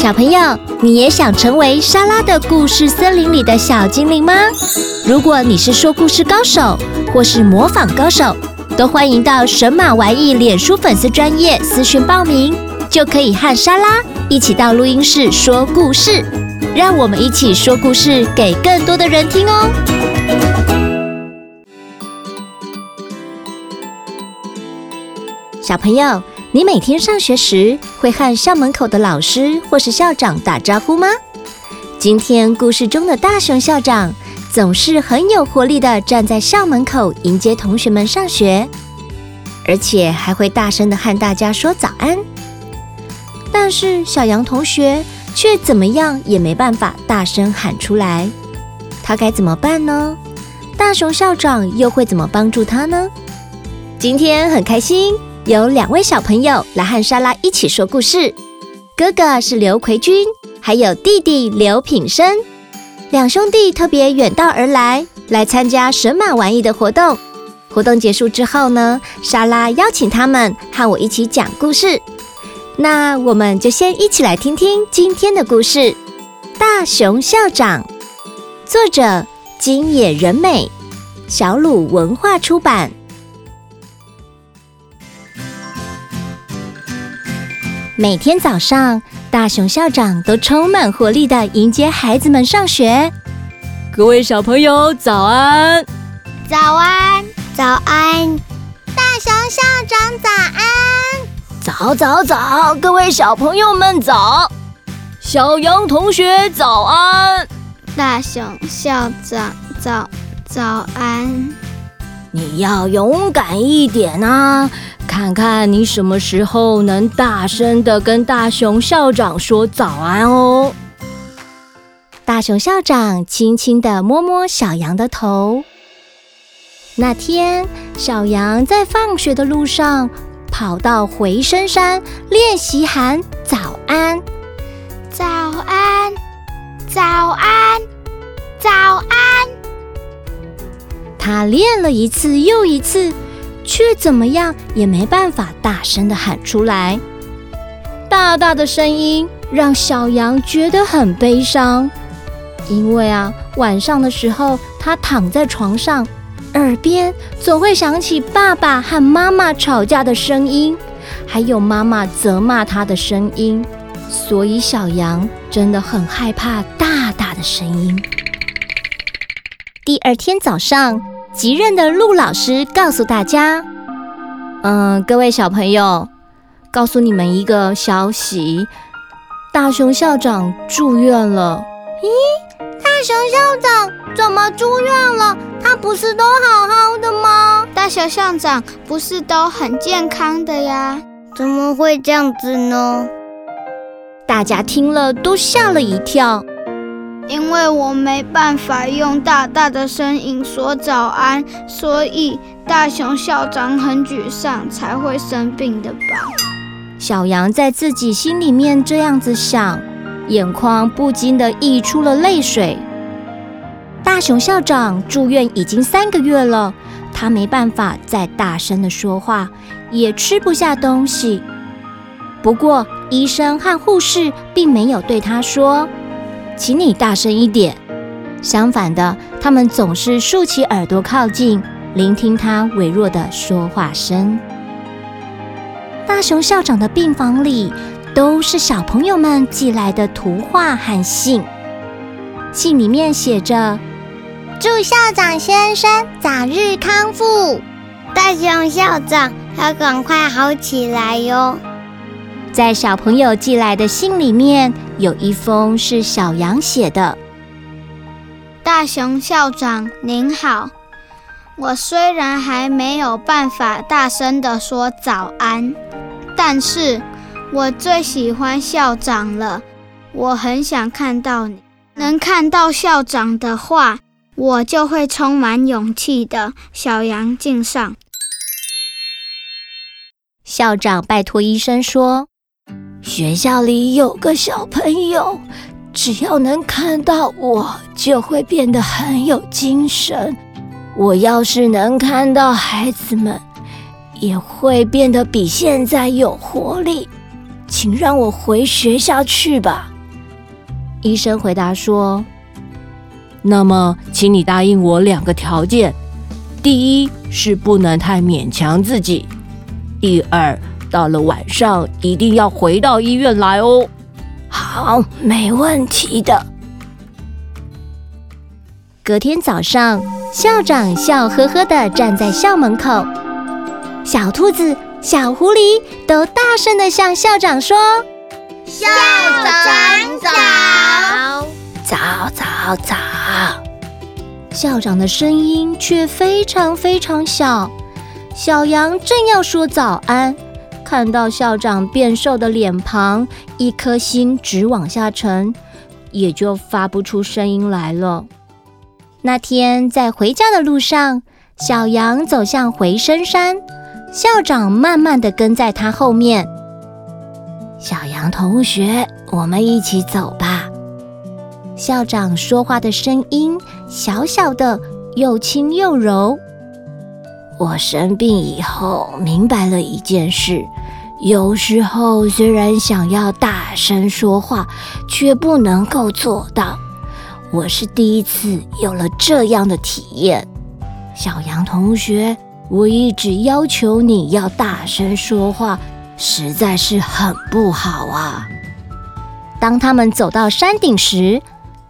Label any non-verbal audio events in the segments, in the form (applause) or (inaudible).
小朋友，你也想成為莎拉的故事森林裡的小精靈嗎？如果你是說故事高手，或是模仿高手，都歡迎到神馬玩意臉書粉絲專頁私訊報名，就可以和莎拉一起到錄音室說故事。讓我們一起說故事給更多的人聽哦，小朋友。你每天上學時會和校門口的老師或是校長打招呼嗎？今天故事中的大熊校長總是很有活力的站在校門口迎接同學們上學，而且還會大聲的和大家說早安。但是小羊同學卻怎麼樣也沒辦法大聲喊出來，他該怎麼辦呢？大熊校長又會怎麼幫助他呢？今天很開心。有兩位小朋友來和莎拉一起說故事，哥哥是劉奎均，還有弟弟劉品伸，兩兄弟特別遠道而來，來參加神馬玩意的活動。活動結束之後呢，莎拉邀請他們和我一起講故事。那我們就先一起來聽聽今天的故事，《大熊校長》，作者今野仁美，小魯文化出版。每天早上，大熊校長都充滿活力地迎接孩子們上學。各位小朋友，早安！早安！早安！大熊校長，早安！早早早，各位小朋友們早！小羊同學，早安！大熊校長，早早安！你要勇敢一點啊！看看你什麼時候能大聲的跟大熊校長說早安哦！大熊校長輕輕的摸摸小羊的頭。那天，小羊在放學的路上跑到回聲山練習喊“早安，早安，早安，早安，早安”。他練了一次又一次。卻怎麼樣也沒辦法大聲地喊出來，大大的聲音讓小羊覺得很悲傷。因為啊，晚上的時候他躺在床上，耳邊總會響起爸爸和媽媽吵架的聲音，還有媽媽責罵他的聲音，所以小羊真的很害怕大大的聲音。第二天早上。級任的陸老師告訴大家：“嗯，各位小朋友，告訴你們一個消息，大熊校長住院了。咦，大熊校長怎麼住院了？他不是都好好的嗎？大熊校長不是都很健康的呀？怎麼會這樣子呢？”大家聽了都嚇了一跳。因為我沒辦法用大大的聲音說早安，所以大熊校長很沮喪，才會生病的吧？小羊在自己心裡面這樣子想，眼眶不禁的溢出了淚水。大熊校長住院已經三個月了，他沒辦法再大聲的說話，也吃不下東西。不過，醫生和護士並沒有對他說。請你大聲一點。相反的，他們總是豎起耳朵靠近，聆聽他微弱的說話聲。大熊校長的病房裡都是小朋友們寄來的圖畫和信，信裡面寫着：“祝校長先生早日康復，大熊校長要趕快好起來喲。”在小朋友寄來的信裡面。有一封是小羊寫的。大熊校長您好，我雖然還沒有辦法大聲地說早安，但是我最喜歡校長了。我很想看到你，能看到校長的話，我就會充滿勇氣的。小羊敬上。校長拜託醫生說。學校裡有個小朋友，只要能看到我，就會變得很有精神。我要是能看到孩子們，也會變得比現在有活力。請讓我回學校去吧。醫生回答說：“那麼，請你答應我兩個條件。第一是不能太勉強自己。第二……”到了晚上，一定要回到醫院來哦。好，沒問題的。隔天早上，校長笑呵呵的站在校門口，小兔子、小狐狸都大聲的向校長說：“校長早，早早早。早早早。”校長的聲音卻非常非常小。小羊正要說早安。看到校長變瘦的臉龐，一顆心直往下沉，也就發不出聲音來了。那天在回家的路上，小羊走向回聲山，校長慢慢的跟在他後面。小羊同學，我們一起走吧。校長說話的聲音小小的，又輕又柔。我生病以後，明白了一件事。有時候雖然想要大聲說話，卻不能夠做到。我是第一次有了這樣的體驗。小羊同學，我一直要求你要大聲說話，實在是很不好啊。當他們走到山頂時，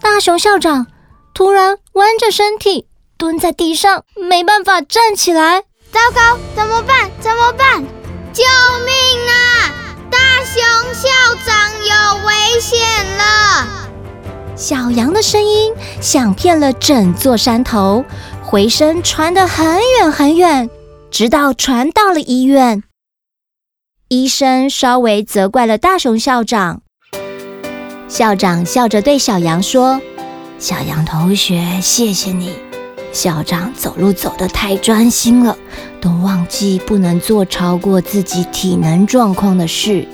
大熊校長突然彎着身體蹲在地上，沒辦法站起來。糟糕，怎麼辦？怎麼辦？救命啊！大熊校長有危險了！小羊的聲音響遍了整座山頭，回聲傳得很遠很遠，直到傳到了醫院。醫生稍微責怪了大熊校長，校長笑着對小羊說：“小羊同學，謝謝你。”校長走路走得太專心了，都忘記不能做超過自己體能狀況的事。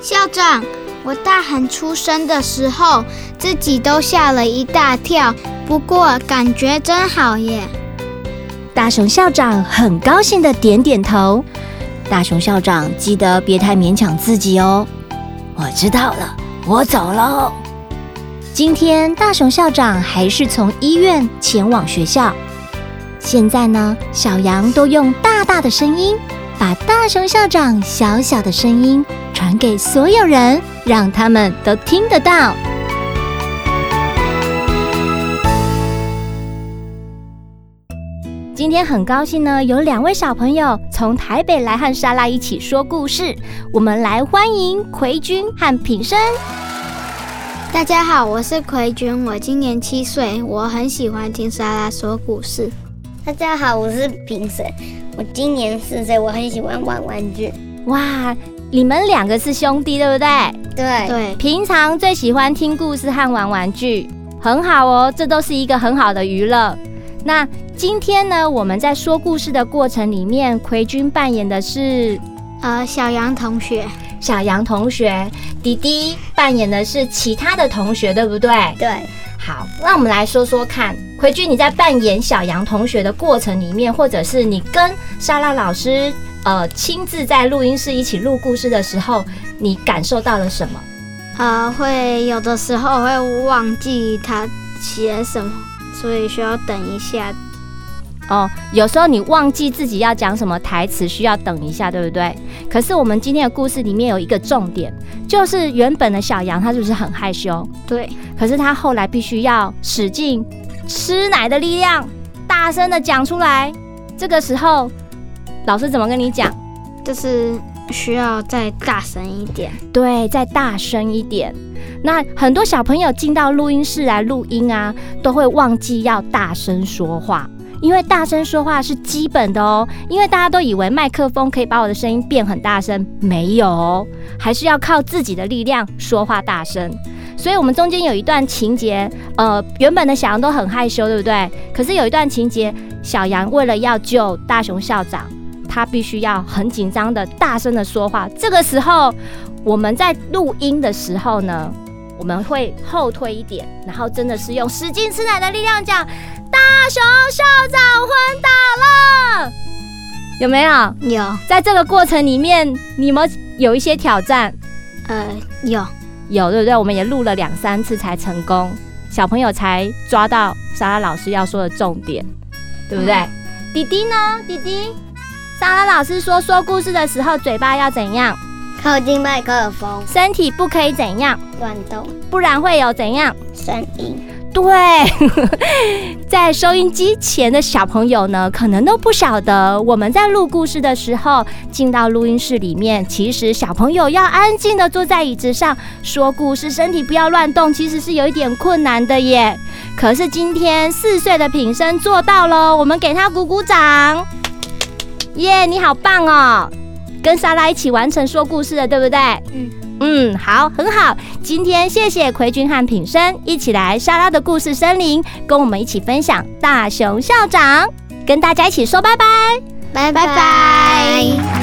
校長，我大喊出聲的時候，自己都嚇了一大跳，不過感覺真好耶！大熊校長很高興地點點頭。大熊校長，記得別太勉強自己哦。我知道了，我走嘍。今天大熊校長還是從醫院前往學校。現在呢，小羊都用大大的聲音，把大熊校長小小的聲音傳給所有人，讓他們都聽得到。今天很高興呢，有兩位小朋友從台北來和莎拉一起說故事。我們來歡迎奎均和品伸。大家好，我是奎均，我今年七歲，我很喜歡聽莎拉說故事。大家好，我是品伸，我今年四歲，我很喜歡玩玩具。哇，你們兩個是兄弟對不對？嗯、對對，平常最喜歡聽故事和玩玩具，很好哦，這都是一個很好的娛樂。那今天呢，我們在說故事的過程裡面，奎均扮演的是呃小羊同學小羊同學，弟弟扮演的是其他的同學，對不對？對，好，那我們來說說看，奎均你在扮演小羊同學的過程裡面，或者是你跟莎拉老師，呃，親自在錄音室一起錄故事的時候，你感受到了什麼？呃，會有的時候會忘記他寫什麼，所以需要等一下。哦，有時候你忘記自己要講什麼台詞，需要等一下，對不對？可是我們今天的故事裡面有一個重點，就是原本的小羊他是不是很害羞？對。可是他後來必須要使勁吃奶的力量，大聲的講出來。這個時候，老師怎麼跟你講？就是需要再大聲一點。對，再大聲一點。那很多小朋友進到錄音室來錄音啊，都會忘記要大聲說話。因為大聲說話是基本的哦，因為大家都以為麥克風可以把我的聲音變很大聲，沒有哦，還是要靠自己的力量說話大聲。所以，我們中間有一段情節，呃，原本的小羊都很害羞，對不對？可是有一段情節，小羊為了要救大熊校長，他必須要很緊張的、大聲的說話。這個時候，我們在錄音的時候呢？我們會後退一點，然後真的是用使勁吃奶的力量講，大熊校長昏倒了，有沒有？有。在這個過程裡面，你們有、有、有一些挑戰，呃，有，有對不對？我們也錄了兩三次才成功，小朋友才抓到莎拉老師要說的重點，對不對？嗯、弟弟呢？弟弟，莎拉老師說說故事的時候嘴巴要怎樣？靠近麥克風，身體不可以怎樣亂動，不然會有怎樣聲音？對， (laughs) 在收音機前的小朋友呢，可能都不曉得我們在錄故事的時候進到錄音室裡面，其實小朋友要安靜地坐在椅子上說故事，身體不要亂動，其實是有一點困難的耶。可是今天四歲的品伸做到了，我們給他鼓鼓掌，耶，yeah，你好棒哦！跟莎拉一起完成說故事的，對不對？嗯嗯，好，很好。今天謝謝奎均和品伸一起來莎拉的故事森林，跟我們一起分享《大熊校長》，跟大家一起說拜拜，拜拜拜，拜。